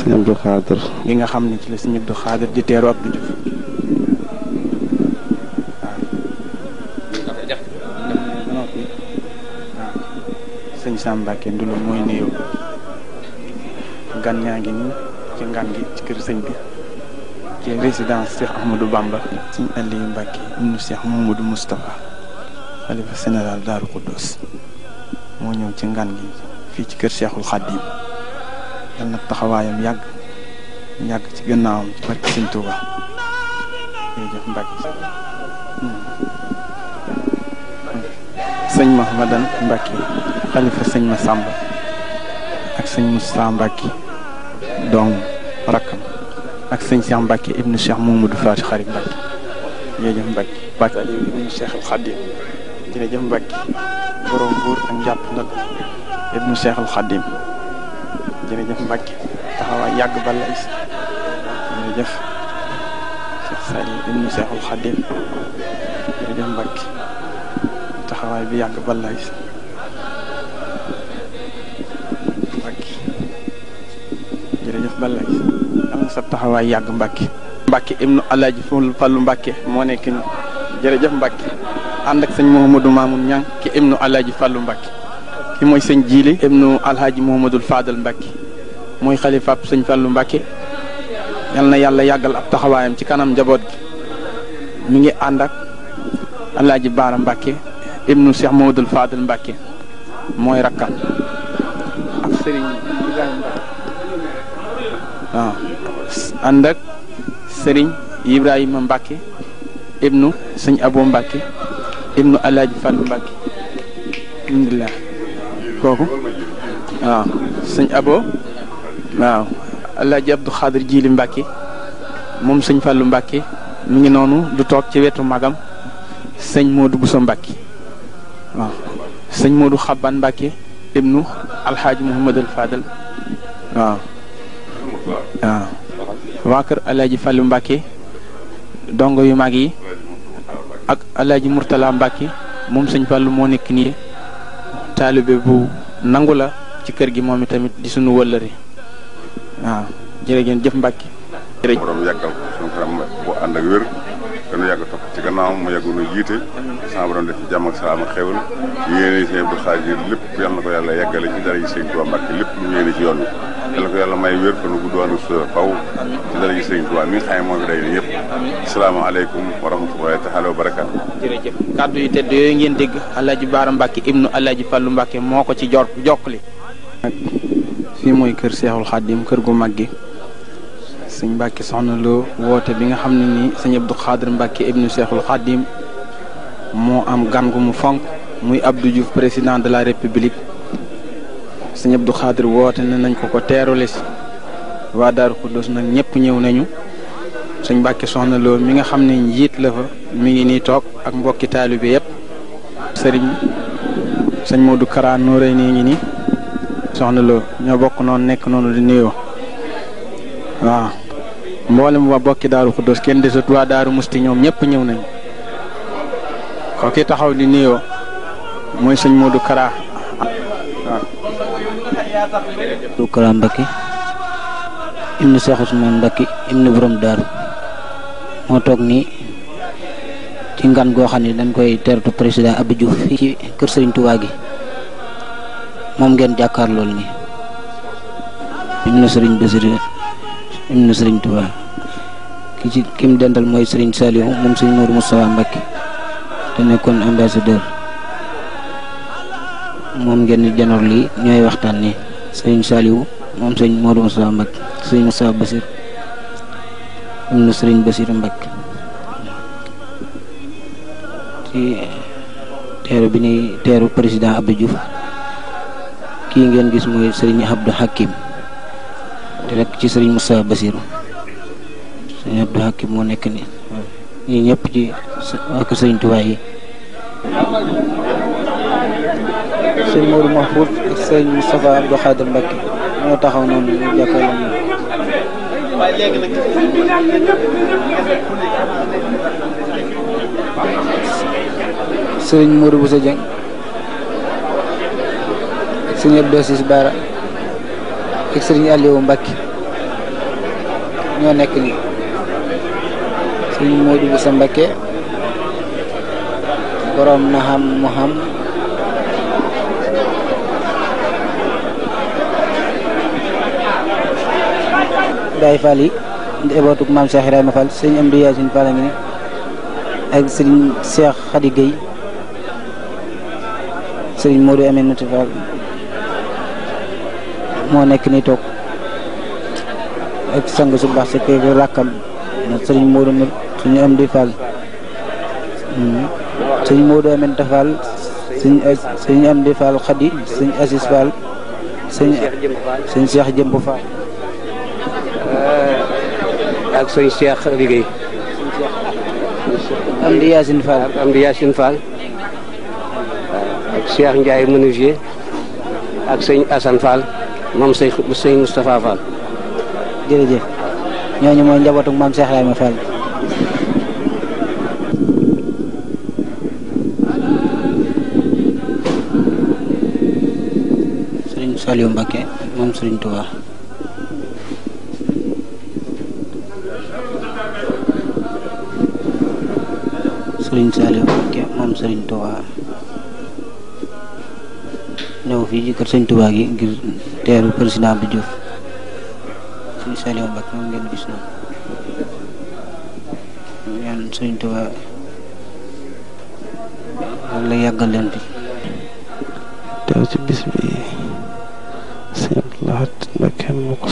sëñ Abdou Khader. gi nga xam ne ci la sëñ Abdou di teeru ak sëñ Sam Mbacke Ndoulo mooy néew gan ñaa ngi nii ci ngan gi ci kër sëñ bi ci résidence Cheikh Ahmadou Bamba sëñ Aliou Mbacke ibnu Cheikh Mamadou Moustapha xalifa général Daaru Xuddoos moo ñëw ci ngan gi fii ci kër Cheikhul Khadim yal na taxawaayam yàgg yàgg ci gannaawam ci barke Sëñ Tuuba jërëjëf Mbacke sëñ Mahmadan Mbacke xalifa sëñ ma Samba ak sëñ Moussa Mbacke doom rakkam ak sëñ Cheikh Mbacke ibnu Cheikh Mamadou Faty Khary Mbacke jërëjëf Mbacke Bac Aliou ibnu Cheikh al Khadim jërëjëf Mbacke borom buur ak njàpp ndal ibnu Cheikh al Khadim jërëjëf Mbacke taxawaay yàgg ba la is jërëjëf Cheikh Sali ibnu Cheikhul Khadim jërëjëf Mbacke taxawaay bi yàgg ba la is Mbacke jërëjëf ba la is am sa taxawaay yàgg Mbacke. Mbacke ibnu Alaaji Fallu Mbacke moo nekk nii jërëjëf Mbacke ànd ak sëñ Mouhamadou Mamoun Niang ki Fallu Mbacke. ki mooy sëñ Jiili ibnu alhaaji Mouhamadul Fadal mbakki mooy xalifa sëñ lu mbakki yal na yàlla yàggal ab taxawaayam ci kanam njaboot gi mu ngi ànd ak alhaaji Baara Mbacke ibnu Cheikh Mouhamadul Fadal mbakki mooy rakkam ak sëriñ Ibrahima waaw sëriñ Ibrahima Mbacke ibnu sëñ Abo mbakki ibnu alhaaji Fallu Mbacke alhamdulilah kooku waaw sëñ abo waaw alaaji abdu xaadir jiili mbàkki moom sëñ falu mbàkki mu ngi noonu du toog ci wetu magam sëñ moodu buso mbàkki waaw sëñ moodu xabbaan mbàkki ibnu alxaaji muhammadul fadal waaw waa kër alaaji fàllu mbàkki dongo yu mag yi ak alaaji murtala mbàkki moom sëñ fàllu moo nekk nii taalibe bu nangula ci kër gi momi tamit di sunu wëllëri waaw jëre gën jëf mbàkki borom yagal ko sunu kanam bu and ak wër dañu yag topp ci gannaaw mu yàggu nu jité sa borom def jamm ak salaam ak xewul yéene ci Abdou Khadir lepp yalla na ko yàlla yàggale ci dara yi seen Tuubaa mbacki lepp lu yéene ci yoon yalla yàlla ko yàlla may wér fanu gudd wàllu sa faaw ci dara yi seen Tuubaa mi xay mo ngi day Assalamualaikum wa rahmatullahi taala wa barakatu jërëjëf kàddu yi tedd yooyu ngeen deg alhaji baram mbàkke ibnu alhaji fallu mbàkke moko ci jor jokli fi moy keur cheikhul khadim keur gu maggi seigne sëñ mbàkke soxna loo woote bi nga xamni ni seigne abdou khadir xaadir ibnu cheikhul khadim mo am gan gu mu fonk muy abdou diouf président de la république seigne abdou Khadir wote ne nañ ko ko teerule si waa daaru xuddos nak ñepp ñew nañu sëñ Mbàkke soxna lo mi nga xamni ne la fa mi ngi ni tok ak mbokki taalibe yëpp sëriñ señ Modou Kara Nooré ni ngi ni soxna lo ño bok non nek non di nuyoo wa mbolam wa bokki daaru Xuddoos kenn desut waa daru Musti ñom ñëpp ñew nañ ko ki taxaw di nuyoo moy señ Modou Kara waaw. Modou Mbacke ibnu Cheikh Ousmane Mbacke ibnu borom mo tok ni ci kan ngan go xam dañ koy tertu président Abdou Diouf fi ci keur Serigne Touba gi mom ngeen jakar lol ni ibnu Serigne Basir ibnu Serigne Touba ki ci kim dendal moy Serigne salih mom Serigne nour Moustapha Mbacké te nekkoon ambassadeur mom ngeen janor li ñoy waxtan ni Serigne salih mom Serigne Modou Moustapha Mbacké Serigne Moustapha Basir am na sëriñ Basiru Mbàkke ci teeru bi ni teeru président Abdou Diouf kii ngeen gis Abdou Hakim di rek ci sëriñ Moussa Basiru sëriñ Abdou Hakim moo nekk ni ñi ñëpp ci ak sëriñ Tuubaa yi sëriñ Mourou Mahfoud ak sëriñ Moustapha Abdou Khadir Mbàkke taxaw ñu waaye léegi nag. sëriñ Mourou Bousso Dieng. sëriñ Abdou Sis ñoo nekk nii. sëriñ Mourou Bousso Mbacke. borom na xam mu Baye Fall yi di ebootuk maam Cheikh Ibrahima Fall sëñ Amdi Yaasin Fall a ngi ni ak sëriñ Cheikh Khady Gueye sëriñ Modou Aminata Fall moo nekk ni toog sang su baax si kër rakkam sëriñ Modou suñu Amdi Fall hmm, sëñ Modou Aminata Fall sëñ sëñ Amdi Fall Khady sëñ Assis Fall Jëmb Fall Eh, ak sëñ Cheikh liggéey Amdi Yacine Fall Amdi Yacine Fall ak Cheikh Ndiaye menuisier ak sëñ Assane Fall moom sëñ sëñ Moustapha Fall jërëjëf ñooñu mooy njabootu maam Cheikh Ibrahima Fall Saliou Mbacké moom Serigne Touba Serigne Saliou Mbacké moom Serigne Touba ñëw fii ci kër Serigne gi ngir teeru président bi Diouf Serigne Saliou Mbacké moom ngeen gis noonu ñaan Serigne Touba walla yàggal leen fi teew ci bis bi sëñ Abdoulahat Mbacké moo ko